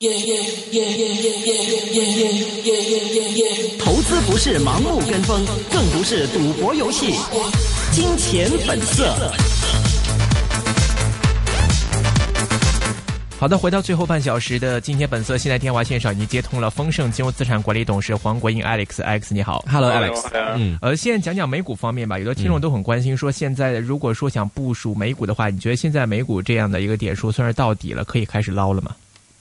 耶耶耶耶耶耶耶耶耶耶。投資不是盲目跟風，更不是賭博遊戲。金錢本色。好的，回到最後半小時的《金錢本色》，現在電話線上已經接通了豐盛金融資產管理董事黃國英 Alex，Alex 你好，Hello Alex，嗯，呃，現在講講美股方面吧，有的聽眾都很關心，說現在如果說想部署美股的話，你覺得現在美股這樣的一個點數算是到底了，可以開始撈了嗎？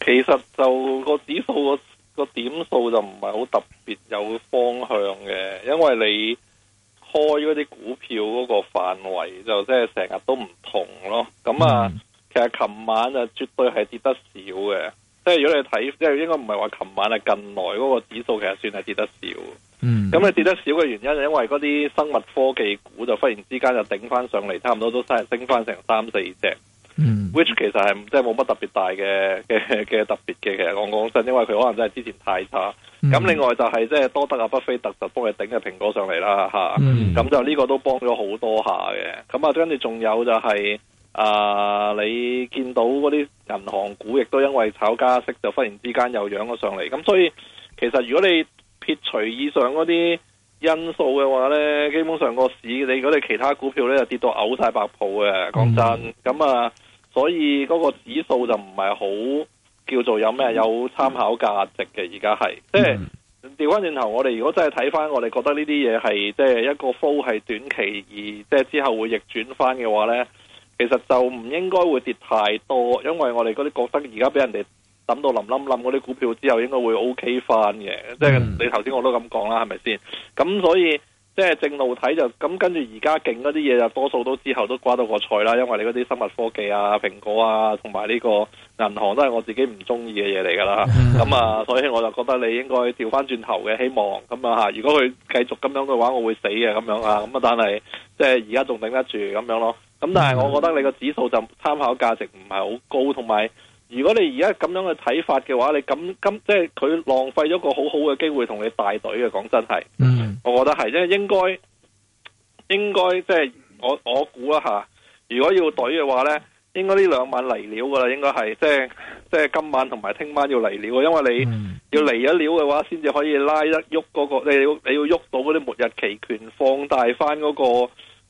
其實就個指數個點數就唔係好特別有方向嘅，因為你開嗰啲股票嗰個範圍就即係成日都唔同咯。咁啊，mm. 其實琴晚啊絕對係跌得少嘅，即係如果你睇，即係應該唔係話琴晚啊近來嗰個指數其實算係跌得少。嗯，咁你跌得少嘅原因係因為嗰啲生物科技股就忽然之間就頂翻上嚟，差唔多都升翻成三四隻。嗯，which 其實係即係冇乜特別大嘅嘅嘅特別嘅，其實講講真，因為佢可能真係之前太差。咁另外就係即係多得阿巴菲特就幫佢頂嘅蘋果上嚟啦嚇。咁就呢個都幫咗好多下嘅。咁啊，跟住仲有就係、是、啊、呃，你見到嗰啲銀行股亦都因為炒加息就忽然之間又養咗上嚟。咁所以其實如果你撇除以上嗰啲因素嘅話呢，基本上個市你如果你其他股票呢，就跌到嘔曬白泡嘅，講真。咁、嗯、啊～所以嗰個指數就唔係好叫做有咩有參考價值嘅，而家係即係調翻轉頭，就是、我哋如果真係睇翻，我哋覺得呢啲嘢係即係一個 flow 係短期而，而即係之後會逆轉翻嘅話呢，其實就唔應該會跌太多，因為我哋嗰啲覺得而家俾人哋等到冧冧冧嗰啲股票之後，應該會 O K 翻嘅，即、嗯、係、就是、你頭先我都咁講啦，係咪先？咁所以。即係正路睇就咁，跟住而家勁嗰啲嘢就多數都之後都瓜到個菜啦。因為你嗰啲生物科技啊、蘋果啊，同埋呢個銀行都係我自己唔中意嘅嘢嚟噶啦。咁 啊，所以我就覺得你應該調翻轉頭嘅希望咁啊嚇。如果佢繼續咁樣嘅話，我會死嘅咁樣啊。咁啊，但係即係而家仲頂得住咁樣咯。咁但係我覺得你個指數就參考價值唔係好高，同埋，如果你而家咁樣嘅睇法嘅話，你咁咁即係佢浪費咗個很好好嘅機會同你大隊嘅，講真係，嗯、mm.，我覺得係，即係應該應該即係我我估一下，如果要隊嘅話呢，應該呢兩晚嚟料噶啦，應該係，即係即係今晚同埋聽晚要嚟料，因為你、mm. 要嚟一料嘅話，先至可以拉得喐嗰個，你要你要喐到嗰啲末日期權放大翻、嗰、嗰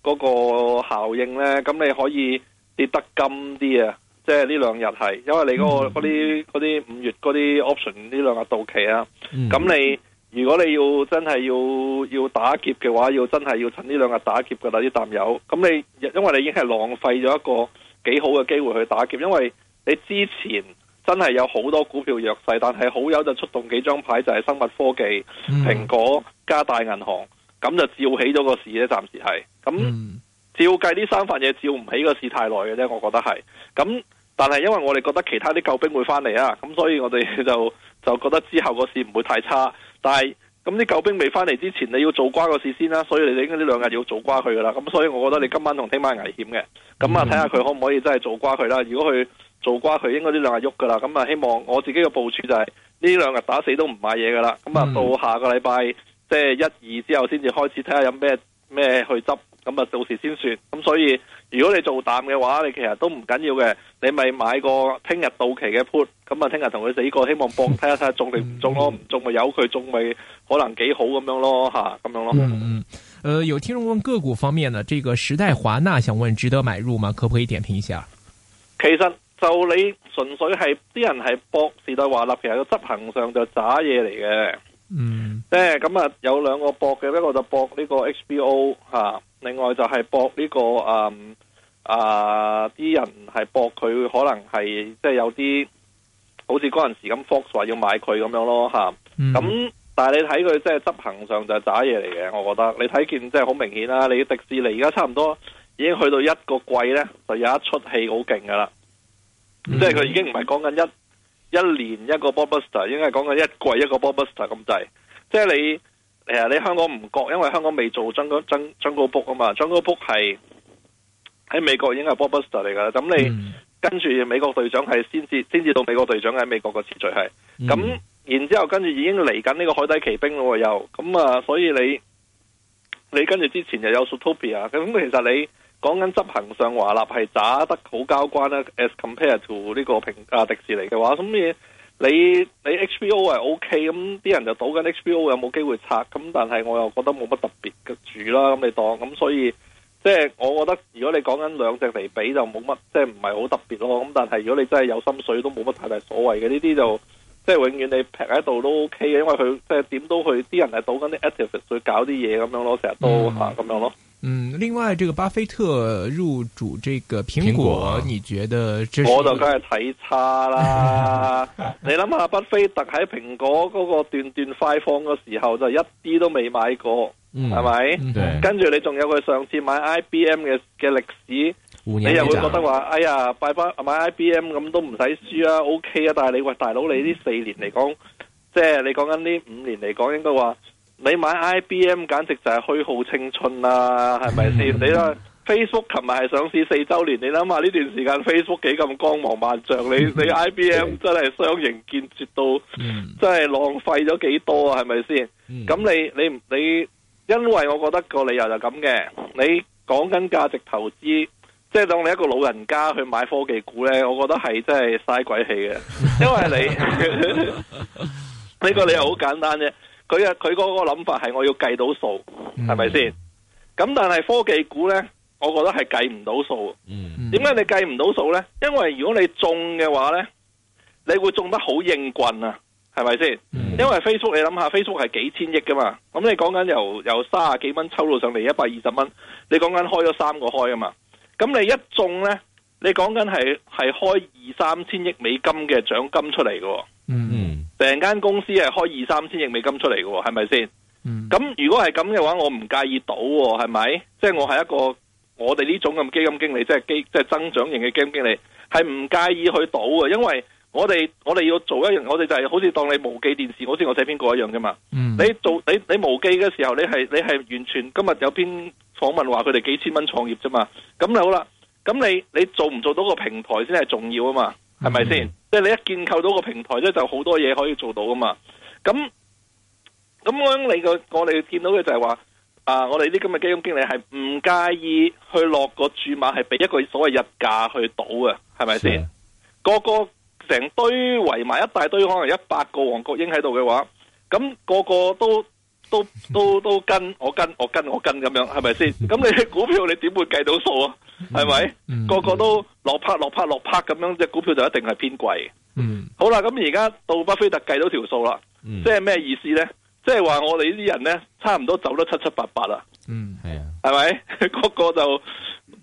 個嗰、嗰個效應呢，咁你可以跌得金啲啊！即係呢兩日係，因為你嗰、那個嗰啲啲五月嗰啲 option 呢兩日到期啦。咁、嗯、你如果你要真真係要要打劫嘅話，要真係要趁呢兩日打劫噶啦啲淡友。咁你因為你已經係浪費咗一個幾好嘅機會去打劫，因為你之前真係有好多股票弱勢，但係好友就出動幾張牌就係、是、生物科技、嗯、蘋果、加大銀行，咁就照起咗個市啫。暫時係咁照計，呢三份嘢，照唔起個市太耐嘅啫。我覺得係咁。但係因為我哋覺得其他啲救兵會翻嚟啊，咁所以我哋就就覺得之後個市唔會太差。但係咁啲救兵未翻嚟之前，你要做瓜個事先啦、啊。所以你哋應該呢兩日要做瓜佢噶啦。咁所以我覺得你今晚同聽晚危險嘅。咁啊，睇下佢可唔可以真係做瓜佢啦。如果佢做瓜佢，應該呢兩日喐噶啦。咁啊，希望我自己嘅部署就係、是、呢兩日打死都唔買嘢噶啦。咁啊，到下個禮拜即係一二之後先至開始睇下有咩咩去執。咁啊，到時先算。咁所以。如果你做淡嘅話，你其實都唔緊要嘅。你咪買個聽日到期嘅 put，咁啊，聽日同佢死過，希望搏睇下睇下中定唔中咯，唔、嗯、中咪有佢中咪可能幾好咁樣咯吓，咁樣咯。嗯嗯，誒、呃，有聽眾問個股方面呢，呢個時代華納，想問值得買入嗎？可唔可以點評一下？其實就你純粹係啲人係博時代華納，其實個執行上就渣嘢嚟嘅。嗯，即係咁啊，有兩個博嘅，一個就博呢個 HBO 吓、啊。另外就係博呢個誒誒啲人係博佢可能係即係有啲好似嗰陣時咁，Fox 話要買佢咁樣咯吓。咁、mm -hmm. 但係你睇佢即係執行上就係渣嘢嚟嘅，我覺得。你睇見即係好明顯啦，你迪士尼而家差唔多已經去到一個季咧，就有一出戲好勁噶啦。Mm -hmm. 即係佢已經唔係講緊一一年一個 blockbuster 應該係講緊一季一個 blockbuster 咁滯。即係你。誒，你香港唔覺，因為香港未做《Jungle Jungle Book 啊嘛，mm. 中國《Jungle Book 係喺美國已經係《Blockbuster》嚟噶啦。咁你跟住《美國隊長》係先至先至到《美國隊長》喺美國個次序係。咁、mm. 然之後跟住已經嚟緊呢個《海底奇兵》咯又。咁啊，所以你你跟住之前又有 Zootopia，《Zootopia》，咁其實你講緊執行上華納係打得好交關啦。As compared to 呢個平啊迪士尼嘅話，咁你。你你 HBO 係 OK 咁，啲人就賭緊 HBO 有冇機會拆咁，但係我又覺得冇乜特別嘅主啦，咁你當咁，所以即係、就是、我覺得如果你講緊兩隻嚟比就冇乜，即係唔係好特別咯。咁但係如果你真係有心水都冇乜太大所謂嘅呢啲就即係、就是、永遠你劈喺度都 OK 嘅，因為佢即係點都去啲人係賭緊啲 active 去搞啲嘢咁樣咯，成日都吓咁樣咯。嗯，另外，這個巴菲特入主這個蘋果，果，你覺得這是？我就梗係睇差啦。 你諗下，巴菲特喺蘋果嗰個段段快放嘅時候，就一啲都未買過，係、嗯、咪？跟住你仲有佢上次買 IBM 嘅嘅歷史，你又會覺得話，哎呀，拜翻買 IBM 咁都唔使輸啊、嗯、，OK 啊？但係你喂大佬，你呢四年嚟講，即、就、係、是、你講緊呢五年嚟講，應該話。你買 IBM 簡直就係虛耗青春啦、啊，係咪先？你啦、嗯、Facebook 琴日係上市四周年，你諗下呢段時間 Facebook 幾咁光芒萬丈，你你 IBM 真係相形見絀到，嗯、真係浪費咗幾多啊？係咪先？咁、嗯、你你你，你，因為我覺得個理由就咁嘅。你講緊價值投資，即係當你一個老人家去買科技股呢，我覺得係真係嘥鬼氣嘅。因為你呢個 理由好簡單啫。佢啊，佢嗰個諗法係我要計到數，係咪先？咁但係科技股咧，我覺得係計唔到數。嗯、嗯、點解你計唔到數咧？因為如果你中嘅話咧，你會中得好應棍啊，係咪先？因為 Facebook 你諗下，Facebook 係幾千億噶嘛。咁你講緊由由卅幾蚊抽到上嚟一百二十蚊，你講緊開咗三個開啊嘛。咁你一中咧，你講緊係係開二三千億美金嘅獎金出嚟噶。嗯，成間公司係開二三千億美金出嚟嘅，係咪先？咁、嗯、如果係咁嘅話，我唔介意賭、啊，係咪？即、就、係、係、我係一個我哋呢種咁基金經理，即係基即係增長型嘅基金經理，係唔介意去賭嘅，因為我哋我哋要做一樣，我哋就係好似當你無記電視，好似我寫篇稿一樣啫嘛、嗯。你做你你無記嘅時候，你係你係完全今日有篇訪問話佢哋幾千蚊創業啫嘛。咁好啦，咁你你做唔做到個平台先係重要啊嘛？係咪先？即係你一建構到個平台咧，就好多嘢可以做到噶嘛。咁咁、呃，我諗你個我哋見到嘅就係話，啊，我哋啲今日基金經理係唔介意去落個注碼，係俾一個所謂日價去賭嘅，係咪先？個個成堆圍埋一,一大堆，可能一百個黃國英喺度嘅話，咁、那個個都都都都跟，我跟，我跟，我跟咁樣，係咪先？咁 你股票你點會計到數啊？係、mm、咪 -hmm.？Mm -hmm. 個個都落拍落拍落拍咁樣，隻股票就一定係偏貴。嗯、mm -hmm.，好啦，咁而家到巴菲特計到條數啦。即係咩意思咧？即係話我哋呢啲人咧，差唔多走得七七八八啦。嗯，係啊，係咪？個個就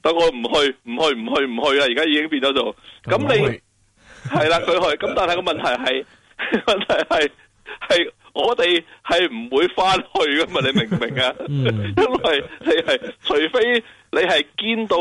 等我唔去，唔去唔去唔去啦。而家已經變咗做咁你？係啦，佢去。咁但係個問題係， 問題係係。我哋係唔會翻去噶嘛，你明唔明啊？因為你係除非你係見到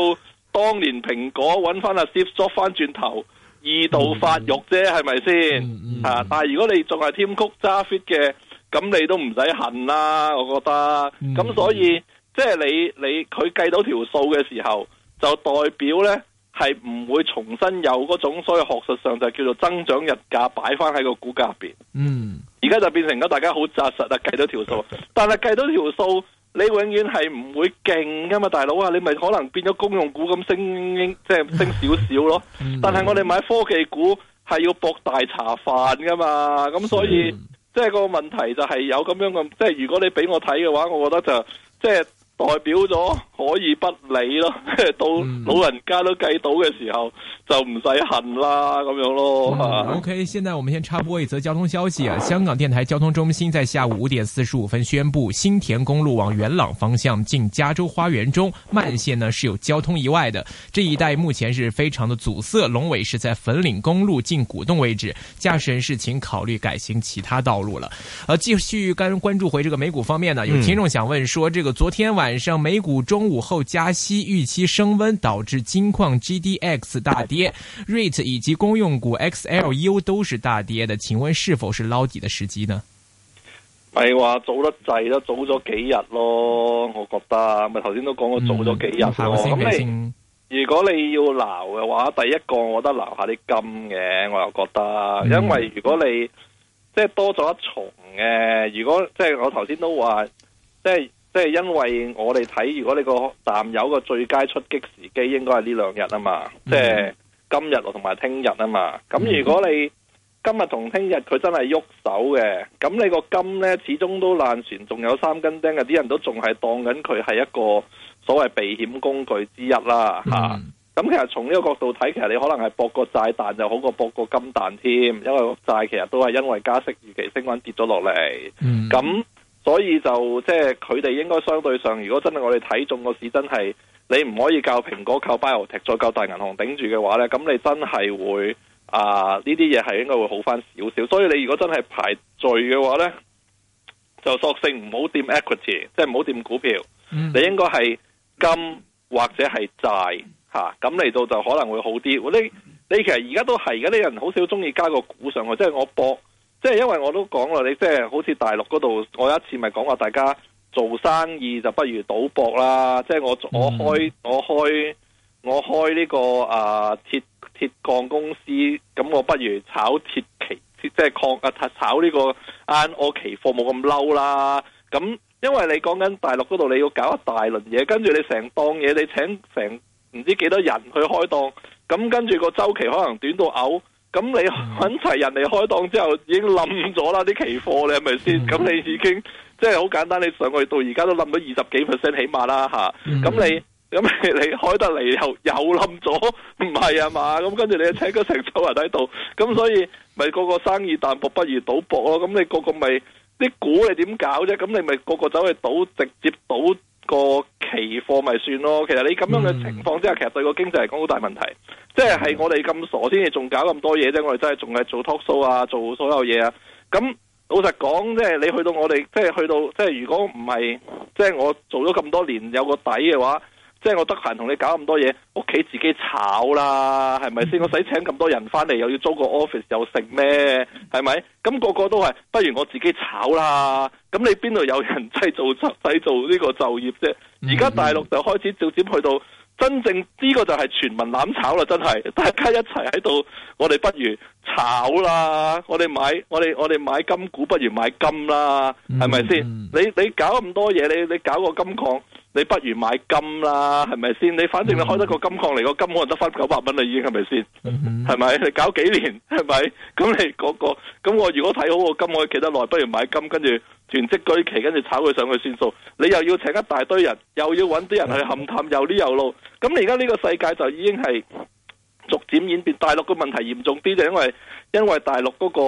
當年蘋果揾翻阿 Steve Jobs，翻轉頭二度發育啫，係咪先？啊！但係如果你仲係添曲揸 fit 嘅，咁你都唔使恨啦。我覺得咁，所以即係、就是、你你佢計到條數嘅時候，就代表咧係唔會重新有嗰種，所謂學術上就叫做增長日價擺翻喺個股價入邊。嗯。 而家就變成咗大家好紮實啊，計到條數，但係計到條數，你永遠係唔會勁噶嘛，大佬啊，你咪可能變咗公用股咁升，即係升少少咯。 但係我哋買科技股係要博大茶飯噶嘛，咁所以，嗯，即係個問題就係有咁樣咁，即係如果你俾我睇嘅話，我覺得就即係代表咗。可以不理咯，到老人家都計到嘅時候就唔使恨啦咁樣咯，嗯。OK，現在我們先插播一則交通消息啊！香港電台交通中心在下午五點四十五分宣布，新田公路往元朗方向近加州花園中慢線呢是有交通意外的，這一帶目前是非常的阻塞。龍尾是在粉嶺公路近古洞位置，駕駛人士請考慮改行其他道路了。呃，繼續跟關注回這個美股方面呢，有聽眾想問說，嗯，這個昨天晚上美股中。午後加息預期升溫，導致金礦 GDX 大跌，rate 以及公用股 XLU 都是大跌的。請問是否是撈底的時機呢？咪話早得滯咯，早咗幾日咯，我覺得咪頭先都講過早咗幾日、嗯、如果你要撈嘅話，第一個我覺得撈下啲金嘅，我又覺得、嗯，因為如果你即係多咗一重嘅，如果即係我頭先都話即係。即係因為我哋睇，如果你個淡友嘅最佳出擊時機，應該係呢兩日啊嘛。嗯、即係今日同埋聽日啊嘛。咁如果你今日同聽日佢真係喐手嘅，咁你個金呢，始終都爛船，仲有三根釘嘅，啲人都仲係當緊佢係一個所謂避險工具之一啦嚇。咁、嗯啊、其實從呢個角度睇，其實你可能係博個債彈就好過博個金彈添，因為債其實都係因為加息預期升溫跌咗落嚟。咁、嗯所以就即係佢哋應該相對上，如果真係我哋睇中個市真，真係你唔可以靠蘋果靠 biotech，再靠大銀行頂住嘅話咧，咁你真係會啊呢啲嘢係應該會好翻少少。所以你如果真係排序嘅話咧，就索性唔好掂 equity，即係唔好掂股票，mm. 你應該係金或者係債吓，咁嚟到就可能會好啲。你你其實而家都係而家啲人好少中意加個股上去，即係我博。即係因為我都講啦，你即係好似大陸嗰度，我有一次咪講話大家做生意就不如賭博啦。即係我我開我開我開呢個啊鐵鐵礦公司，咁我不如炒鐵期，即係礦啊炒呢個晏我期貨冇咁嬲啦。咁因為你講緊大陸嗰度，你要搞一大輪嘢，跟住你成檔嘢，你請成唔知幾多人去開檔，咁跟住個周期可能短到嘔。咁你揾齊人嚟開檔之後已經冧咗啦，啲期貨你係咪先？咁、嗯、你已經即係好簡單，你上去到而家都冧咗二十幾 percent 起碼啦吓。咁、嗯、你咁、嗯、你你開得嚟又又冧咗，唔係啊嘛？咁跟住你請個成手人喺度，咁所以咪個個生意淡薄不如賭博咯。咁你個個咪啲股你點搞啫？咁你咪個個走去賭，直接賭。個期貨咪算咯，其實你咁樣嘅情況之下，mm -hmm. 其實對個經濟嚟講好大問題，即係係我哋咁傻先至仲搞咁多嘢啫，我哋真係仲係做 talk show 啊，做所有嘢啊，咁老實講，即係你去到我哋，即係去到，即係如果唔係，即係我做咗咁多年有個底嘅話。即係我得閒同你搞咁多嘢，屋企自己炒啦，係咪先？Mm -hmm. 我使請咁多人翻嚟，又要租個 office，又食咩？係咪？咁個個都係，不如我自己炒啦。咁你邊度有人製造、製造呢個就業啫？而家大陸就開始照漸去到真正呢個就係全民攬炒啦，真係大家一齊喺度。我哋不如炒啦，我哋買，我哋我哋買金股，不如買金啦，係咪先？你你搞咁多嘢，你你搞個金礦。你不如買金啦，係咪先？你反正你開得個金礦嚟，個金可能得翻九百蚊啦，已經係咪先？Mm-hmm. 係咪？你搞幾年？係咪？咁你嗰個，咁我如果睇好個金，我可以企得耐，不如買金，跟住囤積居奇，跟住炒佢上去算數。你又要請一大堆人，又要揾啲人去勘探，又呢又路。Mm-hmm. 咁你而家呢個世界就已經係逐漸演變。大陸嘅問題嚴重啲，就因為因為大陸嗰個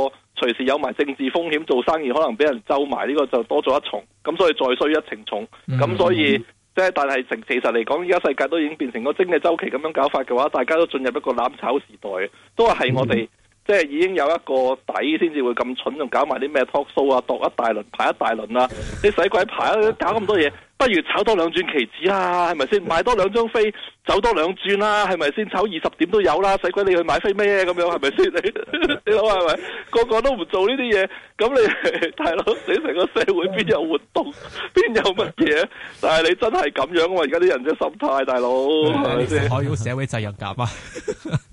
隨時有埋政治風險，做生意可能俾人咒埋，呢個就多咗一重。咁所以再衰一程重。咁所以。Mm -hmm. 即係，但係成其實嚟講，而家世界都已經變成個精嘅周期咁樣搞法嘅話，大家都進入一個攬炒時代，都係我哋即係已經有一個底先至會咁蠢，仲搞埋啲咩 talk show 啊，度一大輪，排一大輪啊。你使鬼排啊，搞咁多嘢。不如炒多兩轉棋子啦、啊，係咪先？買多兩張飛，走多兩轉啦、啊，係咪先？炒二十點都有啦，使鬼你去買飛咩？咁樣係咪先？ 你你諗係咪？個個都唔做呢啲嘢，咁你大佬你成個社會邊有活動？邊有乜嘢？但係你真係咁樣啊！而家啲人嘅心態，大佬係咪先？可以社會責任感啊！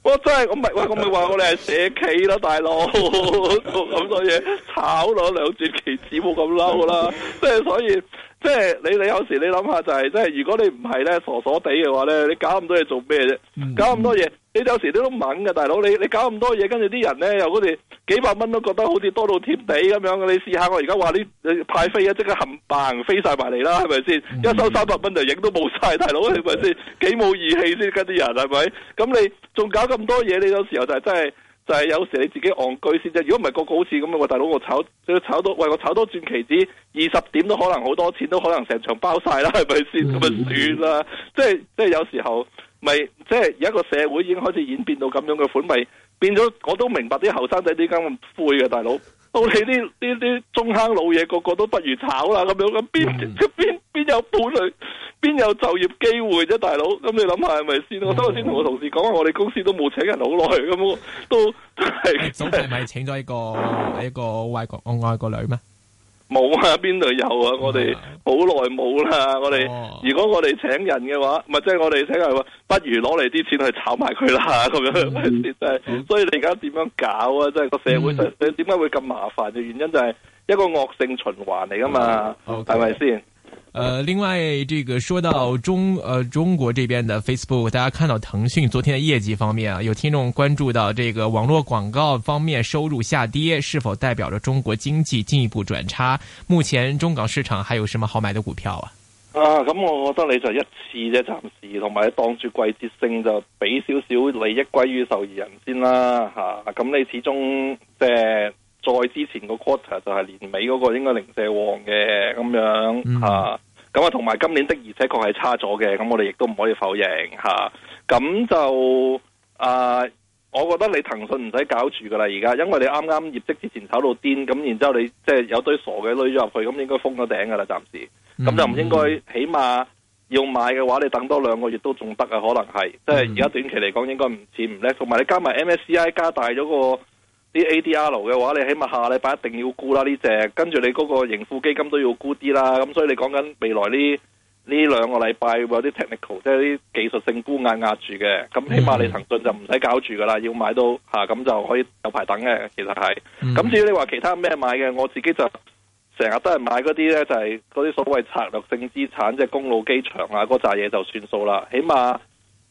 我真係我唔係喂，我唔話我哋係社企啦大佬咁多嘢炒咗兩轉棋子冇咁嬲啦，即係 所以。即係你你有時你諗下就係、是、即係如果你唔係咧傻傻地嘅話咧，你搞咁多嘢做咩啫？搞咁多嘢，你有時你都猛嘅大佬，你你搞咁多嘢，跟住啲人咧又好似幾百蚊都覺得好似多到貼地咁樣。你試下我而家話你派飛啊，即刻冚棒飛晒埋嚟啦，係咪先？Mm -hmm. 一收三百蚊就影都冇晒，大佬係咪先？幾冇、yeah. 義氣先跟啲人係咪？咁你仲搞咁多嘢，你有時候就係真係。就係、是、有時你自己戇居先啫，如果唔係個個好似咁啊，大佬我炒，炒到喂我炒多轉期指二十點都可能好多錢，都可能成場包晒啦，係咪先？咁咪算啦！即係即係有時候咪即係而家個社會已經開始演變到咁樣嘅款，咪變咗我都明白啲後生仔點解咁灰嘅，大佬到你啲啲啲中坑老嘢個個都不如炒啦，咁樣咁邊邊邊有本事邊有就業機會啫，大佬？咁你諗下係咪先？我今我先同我同事講，我哋公司都冇請人好耐，咁都係、就是、總係咪請咗一個， 一，個一個外國外國女咩？冇啊，邊度有啊？我哋好耐冇啦。我哋、嗯啊、如果我哋請人嘅話，咪即係我哋請人的話，不如攞嚟啲錢去炒埋佢啦咁樣，係、嗯、係 所以你而家點樣搞啊？即係個社會上，你點解會咁麻煩嘅原因就係一個惡性循環嚟噶嘛？係咪先？Okay. 是呃另外，這個說到中，呃中國這邊的 Facebook，大家看到騰訊昨天的業績方面啊，有聽眾關注到這個網絡廣告方面收入下跌，是否代表着中國經濟進一步轉差？目前中港市場還有什麼好買的股票啊？啊，咁我覺得你就一次啫，暫時，同埋當住季節性就俾少少利益歸於受益人先啦，吓，咁你始終即係再之前個 quarter 就係年尾嗰個應該零舍旺嘅咁樣啊咁啊，同埋今年的而且確係差咗嘅，咁我哋亦都唔可以否認吓。咁就啊，我覺得你騰訊唔使搞住㗎喇，而家，因為你啱啱業績之前炒到癲，咁然之後你即係、就是、有堆傻嘅濾咗入去，咁應該封咗頂㗎喇，暫時。咁就唔應該，起碼要買嘅話，你等多兩個月都仲得啊，可能係。即係而家短期嚟講應該唔似唔叻，同埋你加埋 MSCI 加大咗個。啲 ADR 嘅話，你起碼下禮拜一定要沽啦呢隻，跟住你嗰個盈富基金都要沽啲啦，咁所以你講緊未來呢呢兩個禮拜會有啲 technical，即係啲技術性沽壓壓住嘅，咁起碼你騰訊就唔使搞住噶啦，要買到下咁，啊，就可以有排等嘅，其實係。咁至於你話其他咩買嘅，我自己就成日都係買嗰啲咧，就係嗰啲所謂策略性資產，即係公路機場啊嗰扎嘢就算數啦，起碼。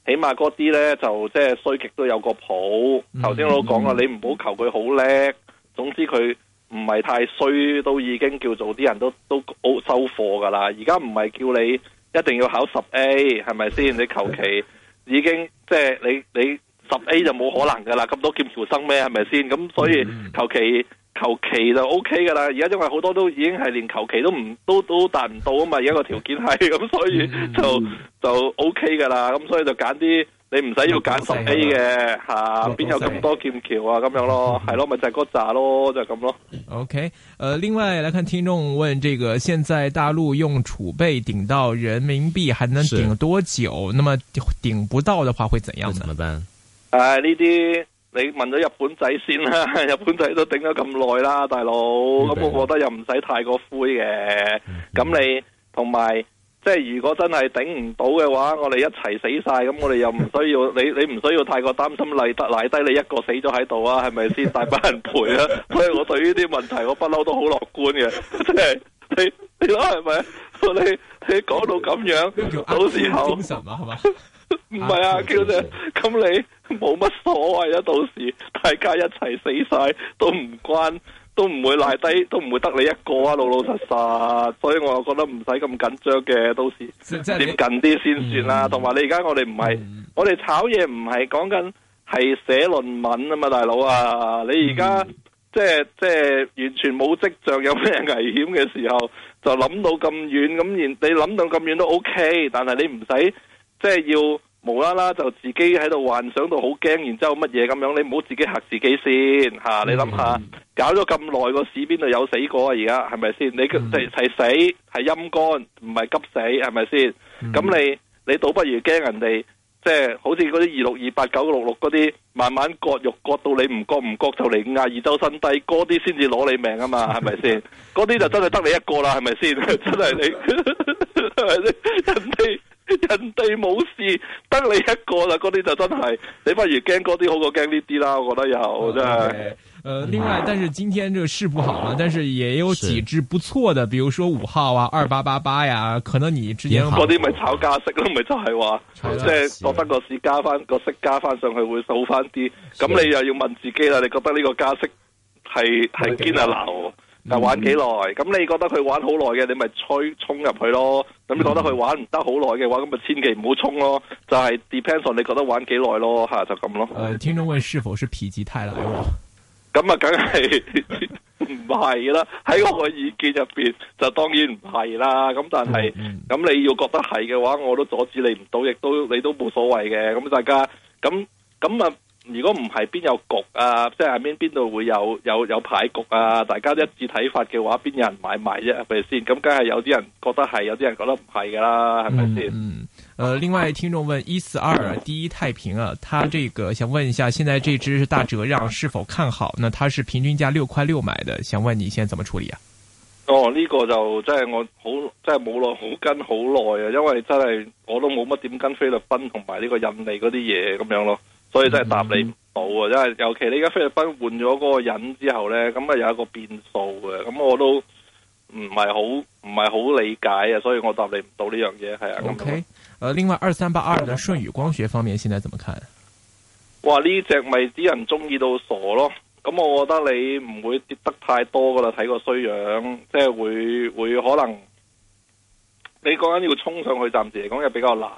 起碼嗰啲呢，就即係衰極都有個譜。頭先我都講啦，你唔好求佢好叻，總之佢唔係太衰都已經叫做啲人都都收貨噶啦。而家唔係叫你一定要考十 A，係咪先？你求其已經即係、就是、你你十 A 就冇可能噶啦，咁多劍橋生咩？係咪先？咁所以求其。求其就 OK 噶啦，而家因為好多都已經係連求其都唔都都達唔到啊嘛，而家個條件係咁，所以就就 OK 噶啦，咁所以就揀啲你唔使要揀十 A 嘅吓，邊、啊啊、有咁多劍橋啊咁樣咯，係咯，咪就係嗰扎咯，就咁、是咯，就是、咯。OK，誒、呃，另外來看聽眾問，這個現在大陸用儲備頂到人民幣還能頂多久？那麼頂不到的話會怎樣？怎麼辦？誒呢啲。你問咗日本仔先啦，日本仔都頂咗咁耐啦，大佬咁，咁我覺得又唔使太過灰嘅。咁、嗯、你同埋即係，如果真係頂唔到嘅話，我哋一齊死晒。咁我哋又唔需要 你，你唔需要太過擔心賴得賴,賴低你一個死咗喺度啊，係咪先大把人陪啊？ 所以我對呢啲問題，我不嬲都好樂觀嘅。即係你你攞係咪？你你講到咁樣， 到時候叫精神啊，係嘛？唔 係啊 k 姐，咁、啊、你？冇 乜所謂啊！到時大家一齊死晒都唔關，都唔會賴低，都唔會得你一個啊！老老實實，所以我就覺得唔使咁緊張嘅，到時點近啲先算啦。同埋你而家、嗯、我哋唔係，我哋炒嘢唔係講緊係寫論文啊嘛，大佬啊！你而家、嗯、即係即係完全冇跡象有咩危險嘅時候，就諗到咁遠咁然，你諗到咁遠都 OK，但係你唔使即係要。無啦啦就自己喺度幻想到好驚，然之後乜嘢咁樣？你唔好自己嚇自己先吓、嗯啊！你諗下，搞咗咁耐個市，邊度有死過啊？而家係咪先？你係、嗯、死係陰乾，唔係急死，係咪先？咁、嗯、你你倒不如驚人哋，即、就、係、是、好似嗰啲二六二八九六六嗰啲，慢慢割肉割到你唔割唔割就嚟五二周新低，嗰啲先至攞你命啊嘛？係咪先？嗰 啲就真係得你一個啦，係咪先？ 真係是你係咪先？啲。 人人哋冇事，得你一個啦，嗰啲就真係，你不如驚嗰啲好過驚呢啲啦，我覺得以真係。呃，另外，但是今天就個市不好啊，但是也有幾隻不錯嘅，比如說五號啊、二八八八呀，可能你之前嗰啲咪炒加息咯，咪就係話，即係覺得個市加翻個息加翻上去會好翻啲，咁你又要問自己啦，你覺得呢個加息係係堅啊流？啊、嗯嗯、玩幾耐？咁你覺得佢玩好耐嘅，你咪吹衝入去咯。咁你覺得佢玩唔得好耐嘅話，咁咪千祈唔好衝咯。就係、是、depends on 你覺得玩幾耐咯吓、啊，就咁咯。誒、呃，聽眾問是否是否是否太耐咁，啊，梗係唔係啦，喺我嘅意見入邊就當然唔係啦，咁但係咁你要覺得係嘅話，我都阻止你唔到，亦都你都冇所謂嘅。咁大家，咁、嗯、咁、嗯如果唔係邊有局啊，即係下邊邊度會有有有，有牌局啊？大家都一致睇法嘅話，邊有人買賣啫、啊？係咪先？咁梗係有啲人覺得係，有啲人覺得唔係噶啦，係、嗯、咪先？嗯，誒、呃，另外聽眾問一四二第一太平啊，他這個想問一下，現在這支大折讓是否看好？那他是平均價六塊六買的，想問你現在怎麼處理啊？哦，呢、這個就真係我好，真係冇耐好跟好耐啊，因為真係我都冇乜點跟菲律賓同埋呢個印尼嗰啲嘢咁樣咯。所以真係答你唔到啊！因為，嗯，尤其你而家菲律賓換咗嗰個人之後呢，咁啊有一個變數嘅，咁我都唔係好唔係好理解啊，所以我答你唔到呢樣嘢係啊。OK，呃，另外二三八二嘅舜宇光學方面，現在怎麼看？哇！呢隻咪啲人中意到傻咯，咁我覺得你唔會跌得太多噶啦，睇個衰樣，即係會會可能你講緊要衝上去，暫時嚟講又比較難。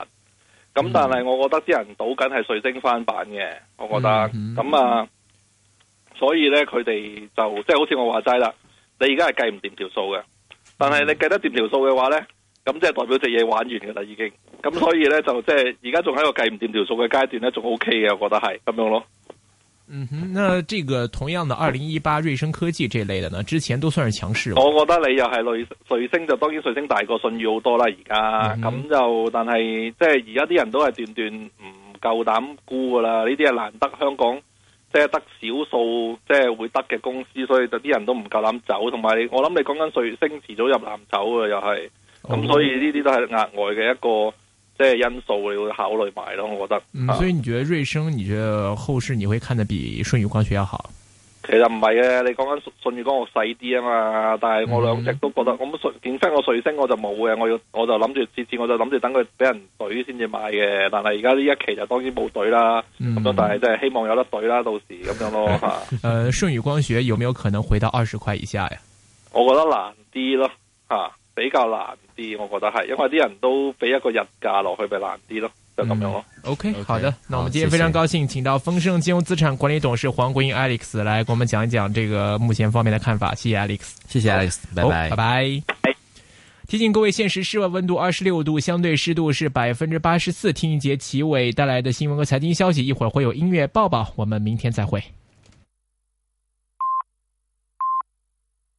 咁、嗯、但係，我覺得啲人賭緊係水晶翻版嘅、嗯，我覺得，咁、嗯、啊、嗯，所以咧，佢哋就即、是、係好似我話齋啦，你而家係計唔掂條數嘅，但係你計得掂條數嘅話咧，咁即係代表隻嘢玩完噶啦，已經，咁所以咧就即係而家仲喺個計唔掂條數嘅階段咧，仲 OK 嘅，我覺得係咁樣咯。嗯哼，那這個同樣的二零一八瑞聲科技這類的呢，之前都算是強勢。我覺得你又係瑞瑞聲就當然瑞聲大過信譽好多啦，而家咁就但係即係而家啲人都係斷斷唔夠膽估㗎啦，呢啲係難得香港即係得少數即係會得嘅公司，所以就啲人都唔夠膽走，同埋我諗你講緊瑞聲，遲早入籃走啊，又係咁、okay. 嗯，所以呢啲都係額外嘅一個。即係因素你會考慮埋咯，我覺得、嗯。所以你覺得瑞聲，啊，你覺得後市你會看得比順宇光學要好？其實唔係嘅，你講緊順宇光學細啲啊嘛，但係我兩隻都覺得，咁瑞點翻個瑞聲？我就冇嘅，我要我就諗住次次我就諗住等佢俾人懟先至買嘅，但係而家呢一期就當然冇懟啦，咁、嗯、樣但係即係希望有得懟啦，到時咁樣咯吓。誒、嗯、順、啊、宇、 啊、光學有冇，有可能回到二十塊以下呀，啊？我覺得難啲咯，吓、啊。比較難啲，我覺得係，因為啲人都俾一個日價落去，咪難啲咯，就咁樣咯。嗯、okay, OK，好的，那我們今天非常高興，請到豐盛金融資產管理董事黃國英，謝謝 Alex 來，跟我們講一講這個目前方面的看法。謝謝 Alex，謝謝 Alex，拜拜，拜拜。Bye bye bye. 提醒各位，現時室外溫度二十六度，相對濕度是百分之八十四。聽一節奇偉帶來的新聞和財經消息，一會兒會有音樂爆爆。我們明天再會。